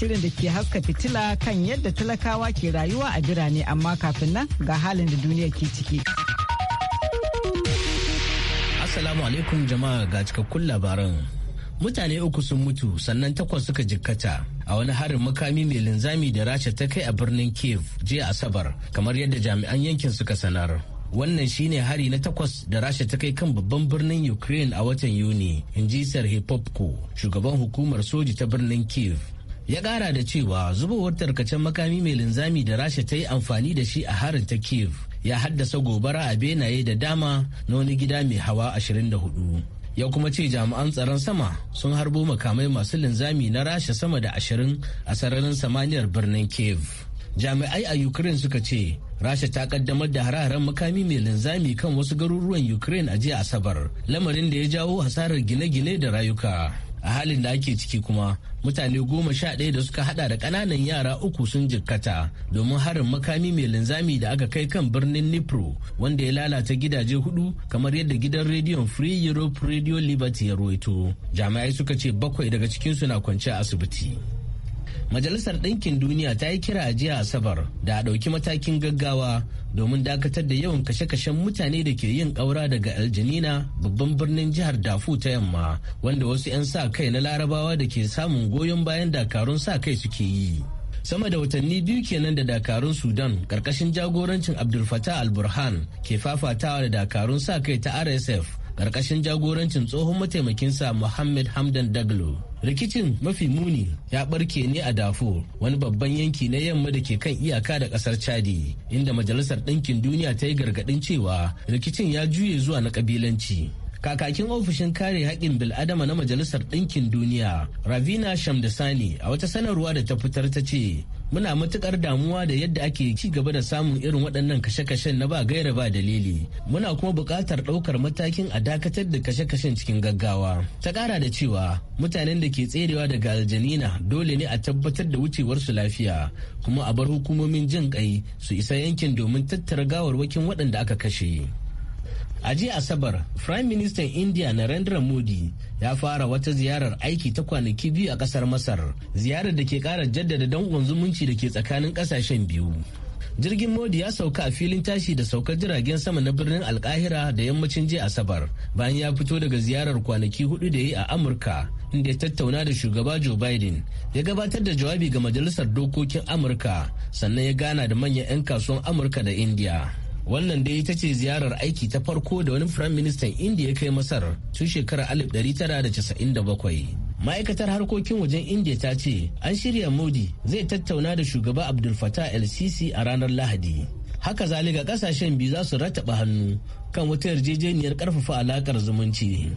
shirin da ke haska fitila kan yadda talakawa ke rayuwa a birane amma kafin nan ga halin da duniya ke ciki. Assalamu alaikum jama'a ga cikakkun labaran. Mutane uku sun mutu sannan takwas suka jikkata a wani harin makami mai linzami da rasha ta kai a birnin Kiev jiya Asabar kamar yadda jami'an yankin suka sanar. wannan shine hari na takwas da rasha ta kai kan babban birnin ukraine a watan yuni in ji serhii popko shugaban hukumar soji ta birnin kiev ya kara da cewa zubowar tarkacen makami mai linzami da rasha ta yi amfani da shi a harin ta kiev ya haddasa gobara a benaye da dama na wani gida mai hawa 24 ya kuma ce jami'an tsaron sama sun harbo makamai masu linzami na rasha sama da 20 a sararin samaniyar birnin kiev jami'ai a ukraine suka ce rasha ta kaddamar da hararen makami mai linzami kan wasu garuruwan ukraine a jiya asabar lamarin da ya jawo hasarar gine-gine da rayuka a halin da ake ciki kuma mutane goma sha ɗaya da suka hada da ƙananan yara uku sun jikkata domin harin makami mai linzami da aka kai kan birnin nipro wanda ya lalata gidaje hudu kamar yadda gidan rediyon free europe radio liberty ya ruwaito jami'ai suka ce bakwai daga cikinsu na kwance a asibiti Majalisar Ɗinkin Duniya ta yi kira a jiya Asabar da a ɗauki matakin gaggawa domin dakatar da yawan kashe-kashen mutane da ke yin ƙaura daga Aljanina babban birnin jihar Dafu ta yamma wanda wasu 'yan sa kai na larabawa da ke samun goyon bayan dakarun sa kai suke yi. Sama da watanni biyu kenan da dakarun Sudan karkashin jagorancin Abdul Fattah al ke fafatawa da dakarun sa kai ta RSF ƙarƙashin jagorancin tsohon mataimakinsa Muhammad Hamdan Daglo. Rikicin mafi muni ya barke ne a Dafur, wani babban yanki na yamma da ke kan iyaka da ƙasar Chadi, inda Majalisar Ɗinkin Duniya ta yi gargaɗin cewa rikicin ya juye zuwa na ƙabilanci. kakakin ofishin kare haƙƙin bil'adama na majalisar ɗinkin duniya ravina shamdasani a wata sanarwa da ta fitar ta ce muna matukar damuwa da yadda ake ci gaba da samun irin waɗannan kashe-kashen na ba gaira ba dalili muna kuma buƙatar ɗaukar matakin a dakatar da kashe-kashen cikin gaggawa ta ƙara da cewa mutanen da ke tserewa daga aljanina dole ne a tabbatar da wucewarsu lafiya kuma a bar hukumomin jin ƙai su isa yankin domin tattara gawarwakin waɗanda aka kashe A jiya Asabar, Prime Minister India Narendra Modi ya fara wata ziyarar aiki ta kwanaki biyu a kasar Masar, ziyarar da ke kara jaddada danƙon zumunci da ke tsakanin ƙasashen biyu. Jirgin Modi ya sauka a filin tashi da saukar jiragen sama na birnin Alkahira da yammacin jiya Asabar, bayan ya fito daga ziyarar kwanaki hudu da yi a Amurka, inda ya tattauna da shugaba Joe Biden, ya gabatar da jawabi ga Majalisar Dokokin Amurka, sannan ya gana da manyan 'yan kasuwan Amurka da India. wannan dai ita ce ziyarar aiki ta farko da wani firayim ministan indiya ya kai masar tun shekarar 1997 ma'aikatar harkokin wajen indiya ta ce an shirya modi zai tattauna da shugaba abdul fatah el sisi a ranar lahadi haka zaliga kasashen biyu za su rataba hannu kan wata yarjejeniyar karfafa alakar zumunci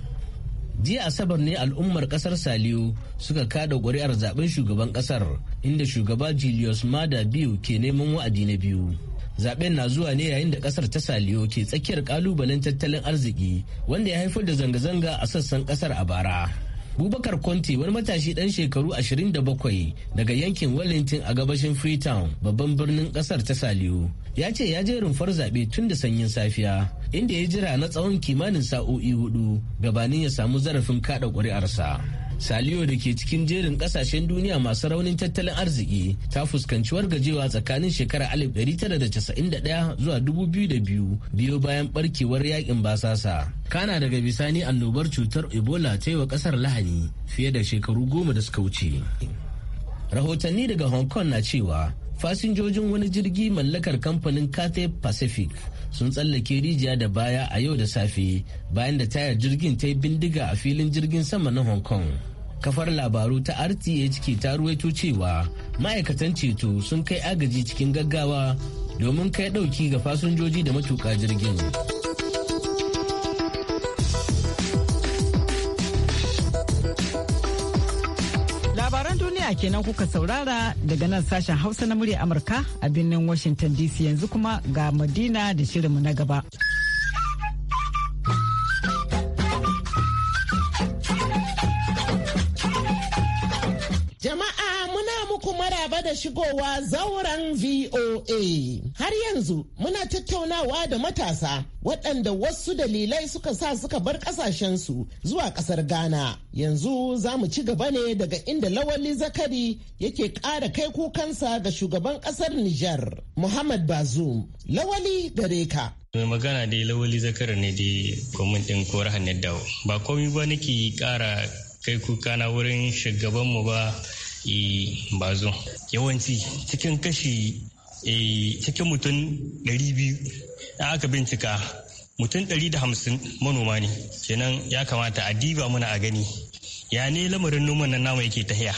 jiya asabar ne al'ummar kasar saliyo suka kada ƙuri'ar zaben shugaban kasar inda shugaba julius mada biyu ke neman wa'adi na biyu zaben na zuwa ne yayin da kasar ta saliyo ke tsakiyar kalubalen tattalin arziki wanda ya haifar da zanga-zanga a sassan kasar a bara bubakar conte wani matashi dan shekaru 27 daga yankin wellington a gabashin freetown babban birnin kasar ta saliyo ya ce ya je rumfar zaɓe tun da sanyin safiya inda ya jira na tsawon kimanin sa'o'i hudu gabanin ya samu zarafin kada ƙuri'arsa. saliyo da ke cikin jerin kasashen duniya masu raunin tattalin arziki ta fuskanci wargajewa tsakanin shekara 1991 zuwa 2002 biyo bayan barkewar yakin basasa kana daga bisani annobar cutar ebola ta yi wa kasar lahani fiye da shekaru goma da suka wuce rahotanni daga hong kong na cewa fasinjojin wani jirgi mallakar kamfanin cathay pacific sun tsallake rijiya da baya a yau da safe bayan da tayar jirgin ta yi bindiga a filin jirgin sama na hong kong kafar labaru ta rth ke ta ruwaito cewa ma'aikatan ceto sun kai agaji cikin gaggawa domin kai ɗauki ga fasinjoji da matuƙa jirgin labaran duniya kenan kuka saurara daga nan sashen hausa na murya amurka a birnin washington dc yanzu kuma ga madina da shirinmu na gaba. shigowa zauren VOA. Har yanzu muna tattaunawa da matasa waɗanda wasu dalilai suka sa suka bar ƙasashensu zuwa ƙasar Ghana. Yanzu za mu ci gaba ne daga inda Lawali Zakari yake ƙara kai kukansa ga shugaban ƙasar Nijar, Muhammad Bazoum. Lawali gare ka. mai magana dai lawali zakara ne dai kwamitin kowar hannun dawo ba komi ba nake ƙara kai kuka na wurin shugabanmu ba E, zo yawanci cikin kashi e, cikin mutum 200 da aka bincika mutum da hamsin manoma ne kenan ya kamata a diba muna a gani ya ne lamarin noman nan namu yake tahiya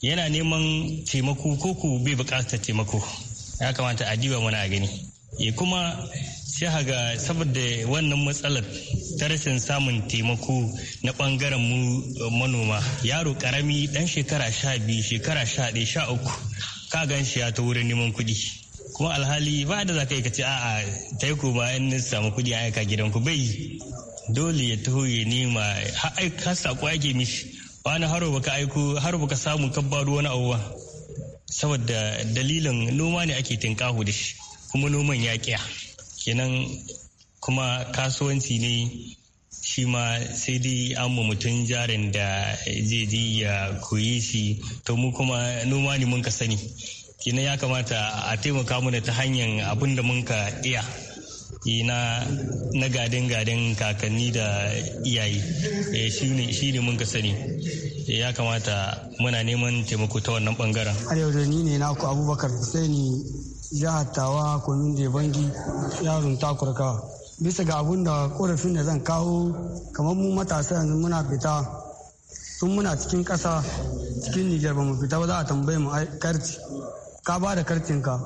yana neman taimako ko ku bai bukatar taimako ya kamata a diba mana a gani e kuma sihaga ga saboda wannan matsalar ta rashin samun taimako na bangaren mu eh, manoma yaro karami dan shekara sha biyu shekara sha ɗaya sha uku ka gan shi ya ta wurin neman kuɗi kuma alhali ba da za ka yi ka ce a'a ta yi koma in samu kuɗi a aika gidanku bai dole ya taho ya nema har aika a yake mishi na haro baka aiko haro baka samu kabbaru wani abuwa saboda dalilin noma ne ake tinkahu da shi kuma noman ya ƙiya kenan kuma kasuwanci ne shi ma sai dai an mu mutum jarin da zai ji ya koyi shi to mu kuma noma ne mun ka sani kenan ya kamata a taimaka mana ta hanyar abin da mun ka iya e, na na gadin-gadin kakanni da iyaye e, shi ne mun ka sani e, ya kamata muna neman taimako ta wannan bangaren. Har yau da ni ne naku Abubakar Husaini jihar tawa kunun da bangi yaron takurka bisa ga abun da korafin da zan kawo kamar mu matasa yanzu muna fita tun muna cikin ƙasa cikin nijar ba mu fita ba za a tambaye mu karti ka ba da kartinka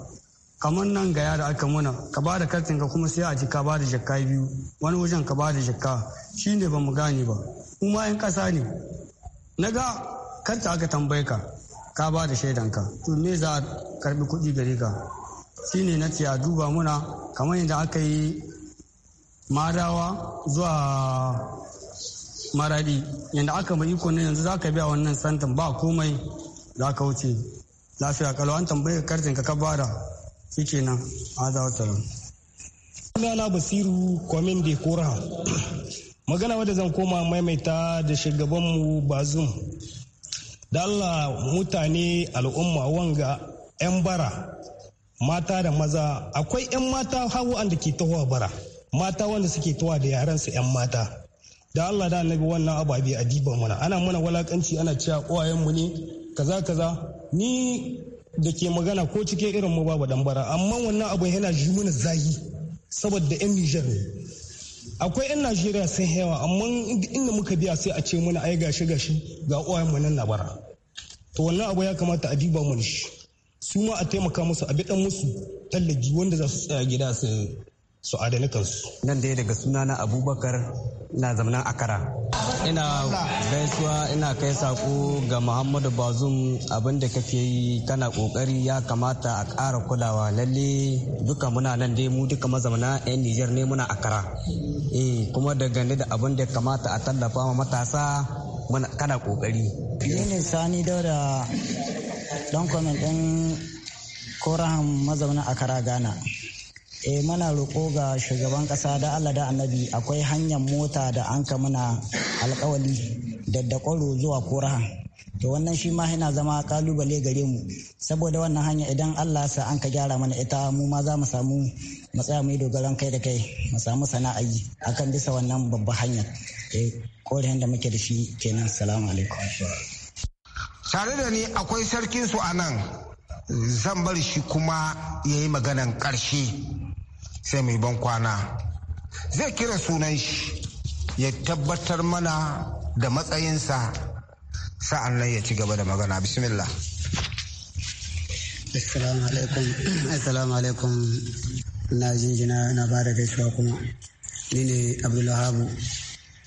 kamar nan ga yara aka muna ka ba da kartinka kuma sai a ji ka ba da jakka biyu wani wajen ka ba da jakka shi ne ba mu gane ba kuma 'yan ƙasa ne na ga karta aka tambaye ka ka ba da shaidanka to me za a karbi kuɗi gare ka shine na ce a duba muna kamar yadda aka yi marawa zuwa maradi yadda aka bai iko ne yanzu za ka biya wannan santan ba komai za ka wuce lafiya kalau an tambaye kartin ka kabara shike nan a za wata sunana basiru kwamin de kora magana wadda zan koma maimaita da shugabanmu bazum da allah mutane al'umma wanga 'yan bara mata da maza akwai 'yan mata hawa da ke tahowa bara mata wanda suke tawa da yaran su 'yan mata da Allah da annabi wannan ababe a diban mana ana mana walakanci ana cewa uwayen mu ne kaza kaza ni da ke magana ko cike irin mu babu dambara amma wannan abu yana ji mana zahi saboda 'yan Nijar ne akwai 'yan Najeriya sun hewa amma inda muka biya sai a ce muna ai gashi gashi ga uwayen mu nan na bara to wannan abu ya kamata a diba mu shi su ma a taimaka musu a bidan musu tallafi wanda za su tsaya gida su su adana kansu. Nan dai daga sunana Abubakar na zamanin Akara. Ina gaisuwa ina kai sako ga Muhammadu Bazum abinda kake yi kana kokari ya kamata a ƙara kulawa lalle duka muna nan dai mu duka mazamana 'yan Nijar ne muna Akara. Eh kuma da gane da abinda da kamata a tallafa matasa kana kokari. Yinin sani daura dan kwamin ɗin korahan mazaunin akara ghana e eh, mana roƙo ga shugaban ƙasa da allah da annabi akwai hanyar mota da an ka muna alkawali da kwaro zuwa koran to wannan shi ma yana zama kalubale gare mu saboda wannan hanya idan allah sa an ka gyara mana ita mu ma za mu samu matsaya mai dogaran kai da kai mu samu sana'ayi akan bisa wannan babban hanyar e eh, koren da muke da shi kenan salamu alaikum tare da ni akwai sarkinsu a nan zan bar shi kuma ya yi maganan ƙarshe sai mai ban kwana zai kira sunan shi ya tabbatar mana da matsayinsa sa'an nan ya ci gaba da magana bismillah assalamu alaikum assalamu alaikum na jinjina na ba da gaisuwa kuma ni ne abdullahabu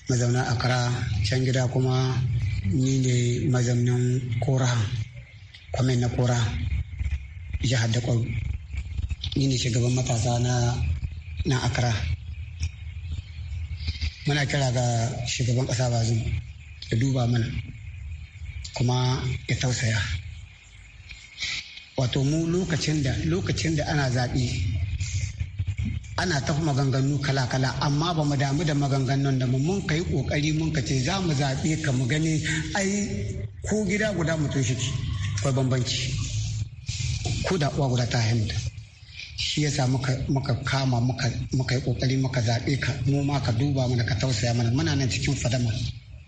mazauna akara can gida kuma ni ne mazaunin kora kwamen na kora jihar da kwaro ni ne shugaban matasa na na akara muna kira ga shugaban kasa bazum ya duba mana kuma ya tausaya wato mu lokacin da lokacin da ana zaɓe ana tafi maganganu kala-kala amma ba mu damu da maganganun da mun kai kokari mun ka ce za mu zaɓe ka mu gani ai ko gida guda mu mutum shi akwai bambanci ko da uwa guda ta hinda shi yasa muka kama muka yi kokari muka zaɓe ka mu ma ka duba mana ka tausaya mana muna nan cikin fadama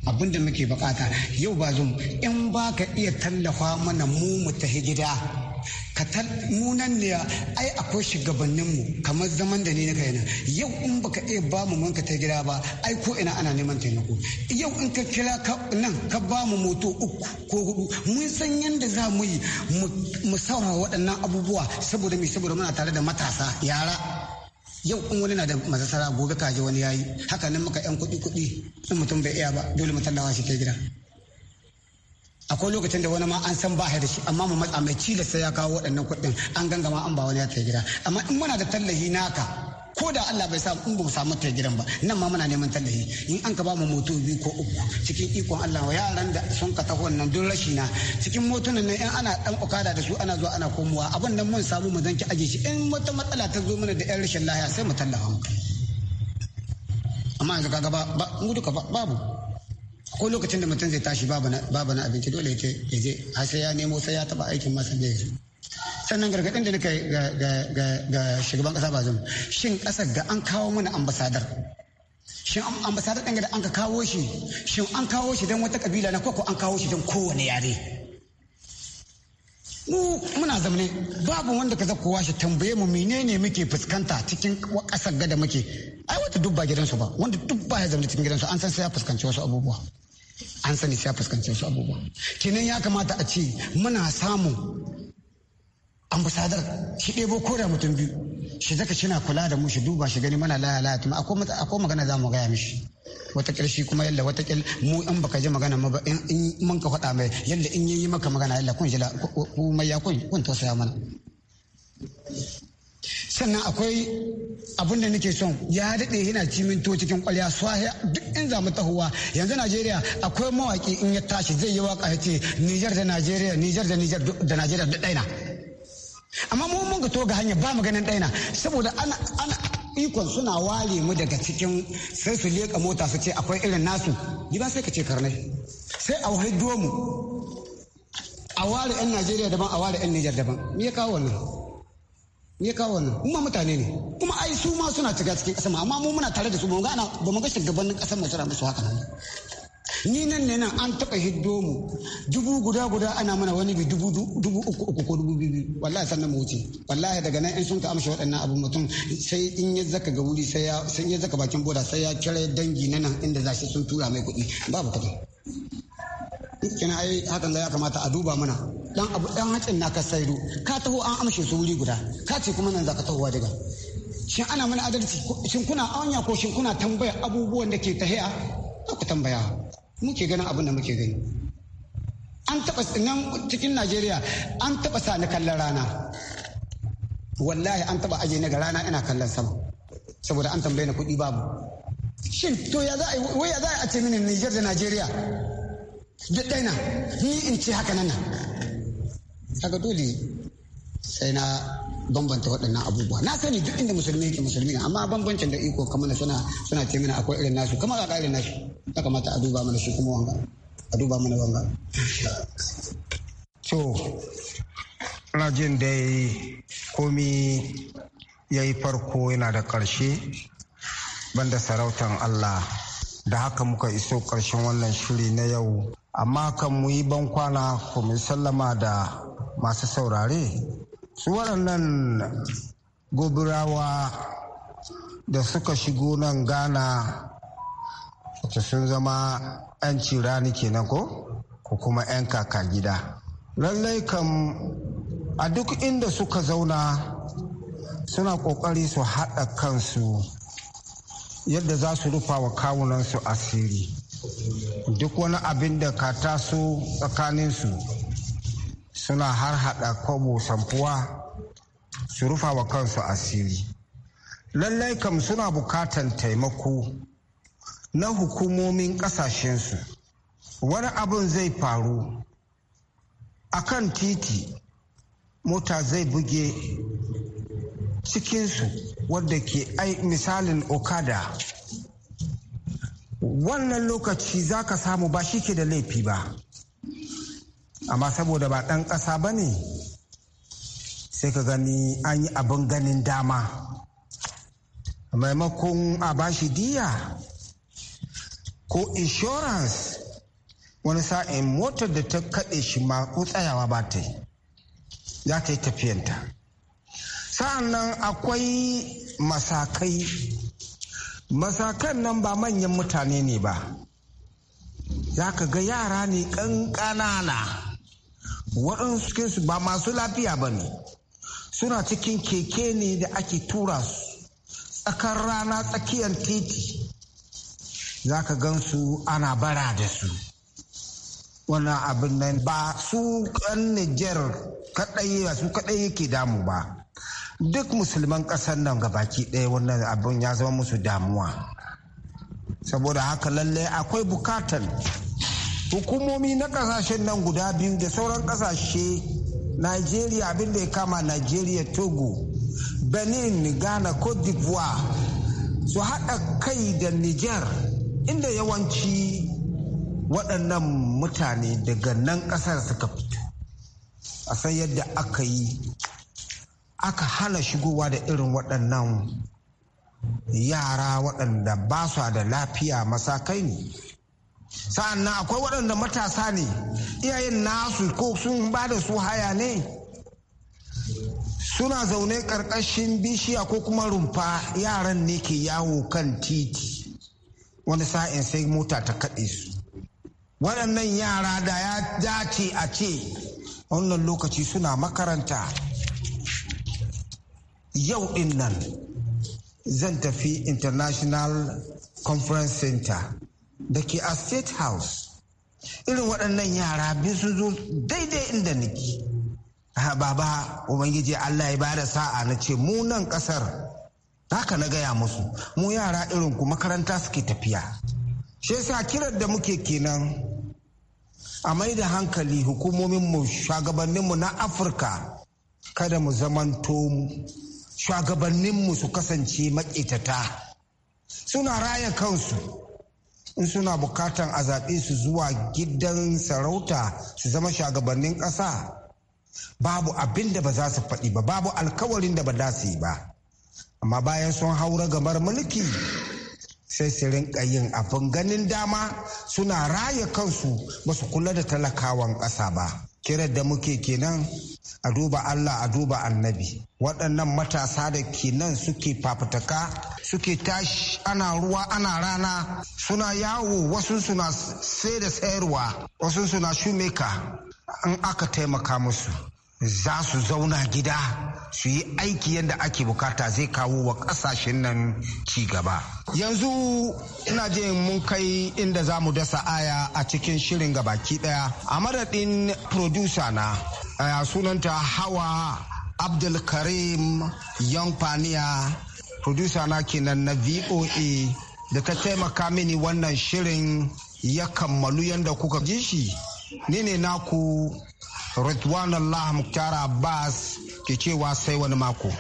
abin da muke bukata yau ba zo in ba ka iya tallafa mana mu mu tafi gida katal munan ne ai akwai shugabannin mu kamar zaman da ni na kai yau in baka iya ba mu manka ta gida ba ai ko ina ana neman taimako yau in ka kira nan ka ba mu moto uku ko hudu mun san yanda za mu yi mu sama waɗannan abubuwa saboda mai saboda muna tare da matasa yara yau in wani na da masasara gobe kaji wani yayi haka nan muka yan kuɗi kuɗi in mutum bai iya ba dole mu tallawa shi ta gida akwai lokacin da wani ma an san ba da shi amma mu matsa mai sai ya kawo waɗannan kuɗin an gangama an ba wani ya ta gida amma in muna da tallahi naka ko da Allah bai sa in ba mu samu ta gidan ba nan ma muna neman tallafi in an ka ba mu moto biyu ko uku cikin ikon Allah wa yaran da sun ka taho nan don rashi na cikin motunan nan in ana dan okada da su ana zuwa ana komowa abin nan mun samu mu zanki aje shi in wata matsala ta zo mana da yan rashin lafiya sai mu tallafa mu amma yanzu kaga ba mu duka babu ko lokacin da mutum zai tashi babu na abinci dole ya je har sai ya nemo sai ya taba aikin masa ya sannan gargaɗin da nika ga shugaban ƙasa ba zan shin ƙasar ga an kawo mana ambasadar shin ambasadar ɗan gada an ka kawo shi shin an kawo shi don wata kabila na koko an kawo shi don kowane yare mu muna zamane babu wanda ka zakowa shi tambaye mu menene muke fuskanta cikin ƙasar gada muke ai wata dubba gidansu ba wanda dubba ya zamane cikin gidansu an san sai ya fuskanci wasu abubuwa an sani sai fuskanci su abubuwa kenan ya kamata a ce muna samun ambasadar shi ɗebo ko da mutum biyu shi zaka shina kula da mu shi duba shi gani mana laya laya tuma akwai magana za mu gaya mishi wata ƙirshi kuma yalla wata ƙil mu in baka ji magana ma ba in mun ka faɗa mai yalla in yi maka magana yalla kun jila kuma ya kun kun tausaya mana sannan akwai abin da nake son ya daɗe yana ciminto cikin kwalya swahiya duk in za mu tahowa yanzu najeriya akwai mawaƙi in ya tashi zai yi waka ya ce nijar da najeriya nijar da nijar da najeriya da ɗaina amma mu mun ga to hanya ba mu ganin ɗaina saboda ana ana ikon suna ware mu daga cikin sai su leƙa mota su ce akwai irin nasu ni ba sai ka ce karnai sai a wahai domu a ware 'yan najeriya daban a ware 'yan nijar daban me ya kawo wannan ya kawo wannan kuma mutane ne kuma ai su ma suna shiga cikin kasa amma mu muna tare da su ba mu ga shugabannin kasar mai musu haka nan ni nan ne nan an taɓa hiddo mu dubu guda guda ana mana wani bi dubu uku uku ko dubu biyu wallahi sannan mu wuce wallahi daga nan in sun ka amshi waɗannan abu mutum sai in ya zaka ga wuri sai ya zaka bakin boda sai ya kira dangi nan inda za su sun tura mai kuɗi babu kuɗi kina ai hakan ga ya kamata a duba mana dan abu dan hakin ka saido ka taho an amshe su wuri guda ka ce kuma nan zaka tahowa daga shin ana mana adalci shin kuna anya ko shin kuna tambaya abubuwan da ke tahiya ku tambaya muke ganin abin da muke gani an taba nan cikin Najeriya an taba sa ni kallon rana wallahi an taba aje ni ga rana ina kallon sama saboda an tambaye ni kuɗi babu shin to ya za a yi a ce mini Niger da Najeriya duk na ni in ce haka nan kaga dole sai na bambanta waɗannan abubuwa na sani duk inda musulmi yake musulmi amma bambancin da iko kamar suna suna ce mana akwai irin nasu kamar ga irin nasu ya kamata a duba mana shi kuma wanga a duba mana wanga to ina jin dai komi ya yi farko yana da ƙarshe banda sarautan Allah da haka muka iso ƙarshen wannan shiri na yau amma kan mu yi kwana ko mu sallama da masu saurare su waɗannan gobirawa da suka shigo nan gana wata sun zama 'yan ni kenan ko ko kuma 'yan kaka gida lallai kam a duk inda suka zauna suna ƙoƙari su haɗa kansu yadda za su rufa wa kawunansu asiri duk wani abin da ka taso tsakaninsu suna har hada kwabo samfuwa su rufa wa kansu asiri lallai kam suna bukatan taimako na hukumomin ƙasashensu. wani abin zai faru a kan titi mota zai buge cikinsu wadda ke ai misalin okada wannan lokaci za ka samu ba shi ke da laifi ba amma saboda ba ɗan ƙasa ba ne sai ka gani an yi abin ganin dama maimakon a bashi diya ko insurance wani sa'in motar da ta kaɗe shi ma tsayawa ba ta yi za ta yi tafiyanta sa'an nan akwai masakai masakan nan ba manyan mutane ne ba za ka ga yara ne ƙanƙanana waɗansu su ba masu lafiya ba ne suna cikin keke ne da ake tura su tsakar rana tsakiyar titi za ka gansu ana bara da su wannan abin nan ba su ƙan Nijar kaɗai ba su kaɗai yake damu ba duk musulman ƙasar nan ga baki ɗaya wannan abin ya zama musu damuwa saboda haka lalle akwai bukatar hukumomi na ƙasashen nan guda biyu da sauran ƙasashe nigeria abin da ya kama nigeria togo benin ghana cote d'ivoire su haɗa kai da niger inda yawanci waɗannan mutane daga nan ƙasar suka fito a san yadda aka yi aka hana shigowa da irin waɗannan yara waɗanda ba su da lafiya masakai ne sa'an akwai waɗanda matasa ne iyayen nasu ko sun ba da su haya ne suna zaune ƙarƙashin bishiya ko kuma rumfa yaran ne ke yawo kan titi wani sa'in sai mota ta kaɗe su waɗannan yara da ya dace a ce wannan lokaci suna makaranta yau din nan zan tafi international conference center da ke a state house irin waɗannan yara biyu sun zo daidai inda niki baba ubangiji allah ya bada sa'a na ce mu nan ƙasar haka na gaya musu mu yara irin ku makaranta suke tafiya shi yasa kiran da muke kenan a mai da hankali hukumomin hukumominmu shugabanninmu na afirka kada mu zamanto mu. shugabanninmu su kasance maƙetata suna raya kansu in suna bukatan a zaɓe su zuwa gidan sarauta su zama shugabannin ƙasa babu abin da ba za su faɗi ba babu alkawarin da ba za su yi ba amma bayan sun haura gamar mulki sai su rinka yin abin ganin dama suna raya kansu ba su kula da talakawan ƙasa ba kiran da muke kenan a duba Allah a duba annabi waɗannan matasa da ke nan suke fafataka suke tashi ana ruwa ana rana suna yawo wasu suna sai da sayarwa wasu suna shumeka in aka taimaka musu za su zauna gida su yi aiki yadda ake bukata zai kawo wa kasashen nan ci gaba. Yanzu ina je mun kai inda za mu dasa aya a cikin shirin gabaki daya a madadin producer na Eh, sunanta hawa abdulkarim yankwaniya producer na kenan na voa da ta taimaka mini wannan shirin ya kammalu yadda kuka ji shi ni ne naku ritwan Allah Muktar Abbas ke cewa sai wani mako.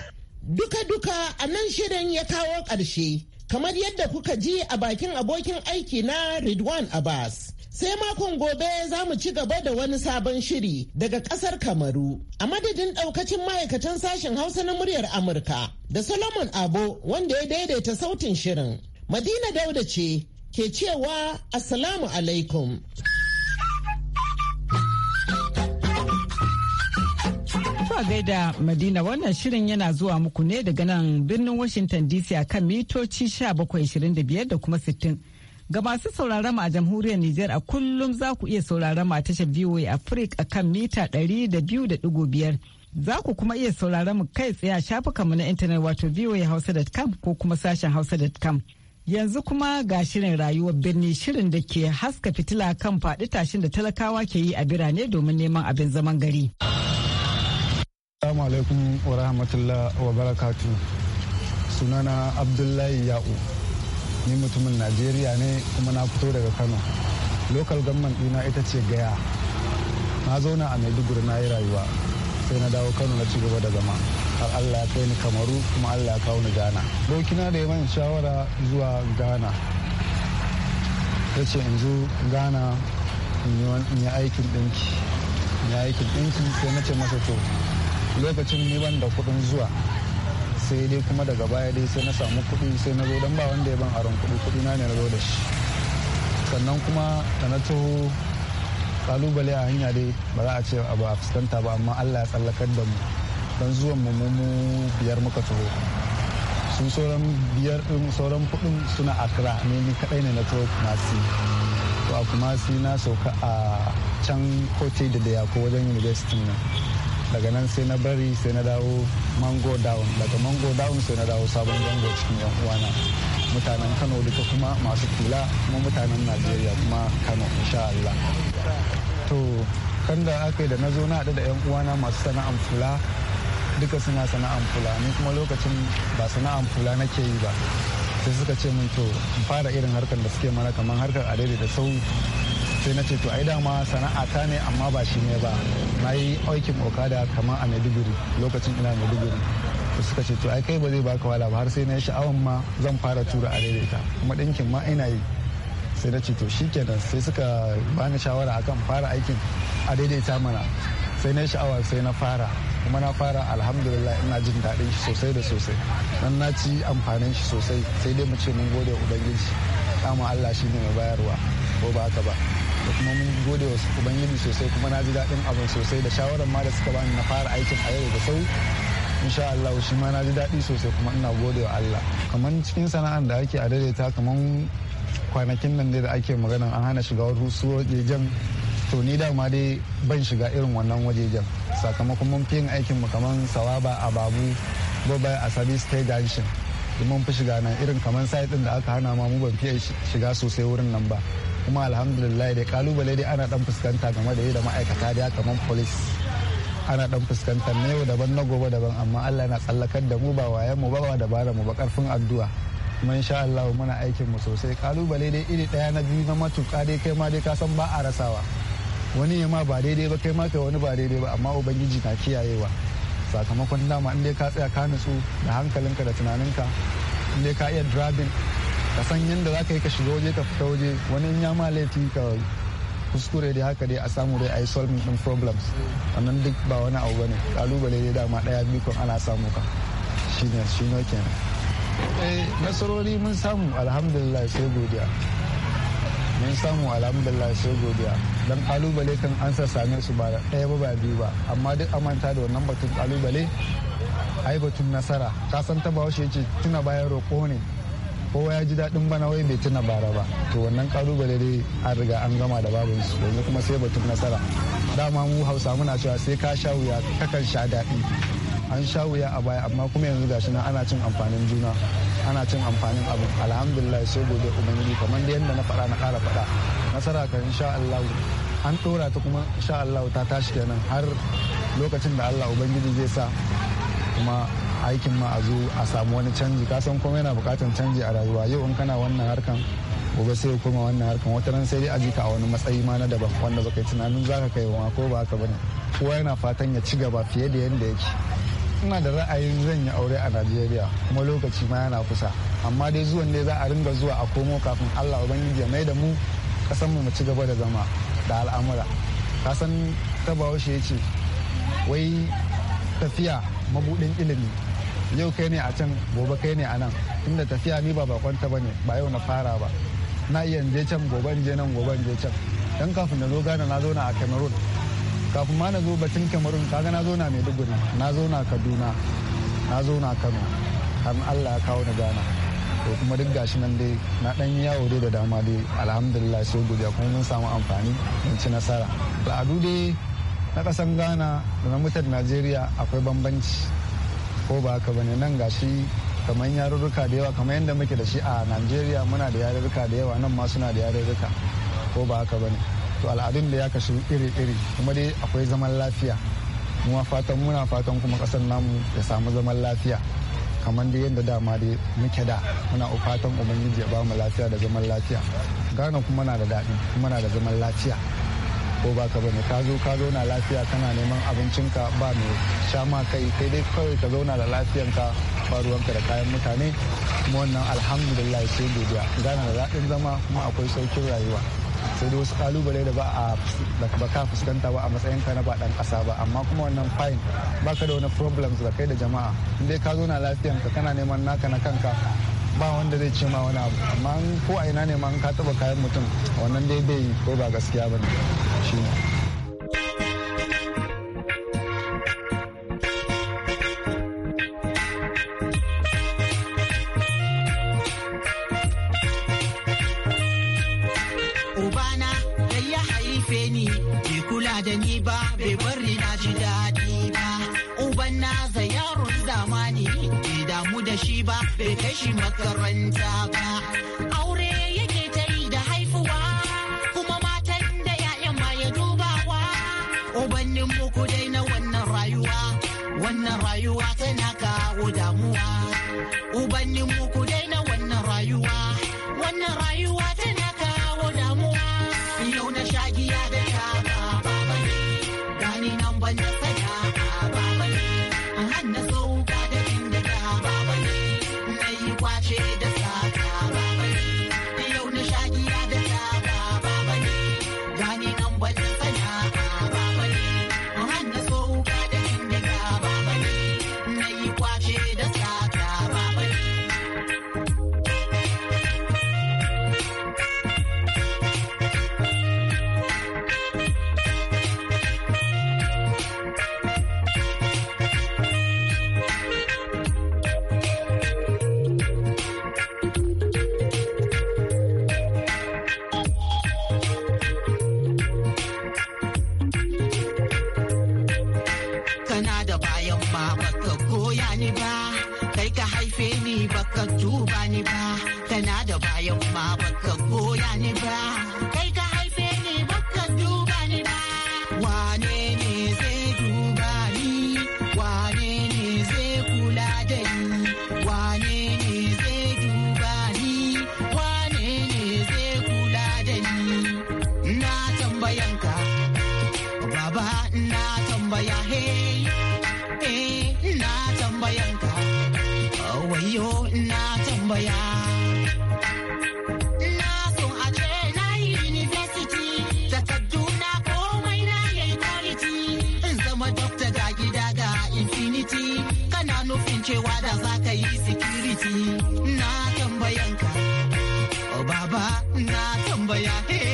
Duka-duka a nan shirin ya kawo ƙarshe, kamar yadda kuka ji a bakin abokin aiki na Ridwan Abbas. Sai makon gobe za mu ci gaba da wani sabon shiri daga kasar Kamaru. A madadin daukacin ma'aikatan sashen Hausa na muryar Amurka da Solomon Abo wanda ya daidaita sautin shirin. Madina Dauda ce ke cewa Assalamu alaikum. gaida Madina wannan shirin yana zuwa muku ne daga nan birnin Washington DC a kan mitoci 1725 da kuma 60. Ga masu sauraron mu a jamhuriyar Nijar a kullum za ku iya sauraron mu a tashar VOA Africa kan mita ɗari da da biyu 200.5. Za ku kuma iya sauraron mu kai tsaye a shafukanmu na intanet wato voahausa.com ko kuma sashen hausa.com. Yanzu kuma ga shirin rayuwar birni shirin da ke haska fitila kan faɗi tashin da talakawa ke yi a birane domin neman abin zaman gari. Assalamu alaikum wa rahmatullah wa barakatu. Sunana Abdullahi Ya'u. ni mutumin najeriya ne kuma na fito daga kano lokal gamman Dina ita ce gaya na zauna a maiduguri na yi rayuwa sai na dawo kano na ci gaba da zama har allah ya kai ni kamaru kuma allah ya kawo ni ghana dokina da ya shawara zuwa ghana ya ce in zo ghana in yi aikin ɗinki in yi aikin ɗinki sai na ce masa to lokacin ni ban da kuɗin zuwa sai dai kuma daga baya dai sai na samu kuɗi sai na zo don ba wanda ya ban aron kuɗi kuɗi na ne na zo da shi sannan kuma da na taho kalubale a hanya dai ba za a ce abu a fuskanta ba amma allah ya tsallakar da mu don zuwan mu mu biyar muka taho sun sauran biyar din sauran kuɗin suna akra ne ni kaɗai ne na taho kumasi to a kumasi na sauka a can kote da da yako wajen university na daga nan sai na bari sai na dawo mango down daga mango down sai na dawo sabon zango cikin yan uwana mutanen kano duka kuma masu kula kuma mutanen najeriya kuma kano insha allah to kan da aka yi da na zo na haɗu da yan uwana masu sana'an fula duka suna sana'an fula ni kuma lokacin ba sana'an fula nake yi ba sai suka ce min to in fara irin harkar da suke mana kamar harkar adai da sau sai na ce to ai dama sana'a ta ne amma ba shi ne ba na yi aikin okada kamar a maiduguri lokacin ina maiduguri suka ce to ai kai ba zai baka wala ba har sai na yi sha'awan ma zan fara tura a daidaita kuma ɗinkin ma ina yi sai na ce to shi kenan sai suka bani shawara akan fara aikin a daidaita mana sai na yi sha'awa sai na fara kuma na fara alhamdulillah ina jin daɗin shi sosai da sosai nan na ci amfanin shi sosai sai dai mu ce mun gode ubangiji kama Allah shi ne mai bayarwa ko ba haka ba da kuma mun gode wa ubangiji sosai kuma na ji daɗin abin sosai da shawarar ma da suka bani na fara aikin a yau da sau insha Allah shi ma na ji daɗi sosai kuma ina gode wa Allah kamar cikin sana'ar da ake a daidaita kamar kwanakin nan da ake magana an hana shiga wasu wajejen to ni dama dai ban shiga irin wannan wajejen sakamakon mun fi yin aikin mu kamar sawaba a babu gobe a service stay dancing mun fi shiga nan irin kamar site din da aka hana ma mu ban fi shiga sosai wurin nan ba kuma alhamdulillah da kalubale dai ana dan fuskanta game da yi da ma'aikata da kamar police ana dan fuskanta na yau daban na gobe daban amma Allah yana tsallakar da mu ba wayan mu ba ba dabara mu ba karfin addu'a kuma sha Allah muna aikin mu sosai kalubale dai iri daya na biyu na matuka dai kai ma dai ka san ba a rasawa wani ya ma ba daidai ba kai ma kai wani ba daidai ba amma ubangiji na kiyayewa sakamakon dama inda ka tsaya ka nutsu da hankalinka da tunaninka inda ka iya drabin. ka san yadda za ka yi ka shiga waje ka fita waje wani ya ma laifi ka kuskure da haka dai a samu dai a yi solving din problems wannan duk ba wani abu bane kalubale dai dama daya bikon ana samu ka shine shine kenan eh nasarori mun samu alhamdulillah sai godiya mun samu alhamdulillah sai godiya dan kalubale kan an same su ba daya ba ba biyu ba amma duk amanta da wannan batun kalubale ai batun nasara ka san ta bahaushe ce tuna bayan roƙo ne kowa ya ji daɗin bana wai bai tuna bara ba to wannan kalubale dai an riga an gama da babu su yanzu kuma sai batun nasara dama mu hausa muna cewa sai ka sha wuya kakan sha daɗi an sha wuya a baya amma kuma yanzu gashi nan ana cin amfanin juna ana cin amfanin abu alhamdulillah sai gobe ubangiji kamar da yadda na faɗa na ƙara faɗa nasara kan insha Allah an ɗora ta kuma insha Allah ta tashi kenan har lokacin da Allah ubangiji zai sa kuma aikin ma a zo a samu wani canji kasan kuma yana bukatan canji a rayuwa yau in kana wannan harkan gobe sai ya koma wannan harkan wata ran sai dai a jika a wani matsayi ma na daban wanda baka tunanin zaka kai wa ko ba haka bane kowa yana fatan ya ci gaba fiye da yanda yake ina da ra'ayin zan yi aure a najeriya kuma lokaci ma yana kusa amma dai zuwan ne za a ringa zuwa a komo kafin allah ubangiji ya mai da mu kasan mu ci gaba da zama da al'amura kasan ta shi ya ce wai tafiya mabudin ilimi yau kai ne a can gobe kai ne a nan tunda tafiya ni ba bakon ba ne ba yau na fara ba na iya je can gobe je nan gobe je can dan kafin na zo gana na zo na a cameroon kafin ma na zo batun cameroon kaga na zo na maiduguri na zo na kaduna na zo na kano har allah ya kawo ni gana to kuma duk gashi nan dai na dan yawo dai da dama dai alhamdulillah sai godiya kuma mun samu amfani mun ci nasara a dai na kasan ghana da na mutar najeriya akwai bambanci ko ba haka bane nan gashi kamar yarurruka da yawa kamar yadda muke da shi a najeriya muna da yarurruka da yawa nan ma suna da yarurruka ko ba haka bane to al'adun da ya kashi iri-iri kuma dai akwai zaman lafiya kuma fatan muna fatan kuma kasar namu ya samu zaman lafiya kamar da yadda dama dai muke da muna fatan ubangiji ya ba mu lafiya da zaman lafiya ghana kuma na da daɗi kuma na da zaman lafiya ko ba ka bane ka zo ka zauna lafiya kana neman abincinka ba mai sha ma kai sai dai kawai ka zauna da lafiyanka ba ruwanka da kayan mutane kuma wannan alhamdulillah sai godiya gana da daɗin zama kuma akwai saukin rayuwa sai dai wasu kalubale da ba a ka fuskanta ba a matsayin ka na ba dan kasa ba amma kuma wannan fine baka da wani problems da kai da jama'a in dai ka zo na lafiyanka kana neman naka na kanka ba wanda zai ce ma wani abu amma ko a ina ne ma ka taba kayan mutum wannan dai ko ba gaskiya ba ne shi ne shi makaranta ba aure yake ta yi da haifuwa kuma matan da ya'yan ma ya dubawa ubannin muku dai na wannan rayuwa wannan rayuwa tana kawo damuwa ubannin na wannan rayuwa yau na shagiya da ta ba ne gani nan ban da wani ba. cewa da za ka yi security na tambayanka. Oh, baba na tambaya hey.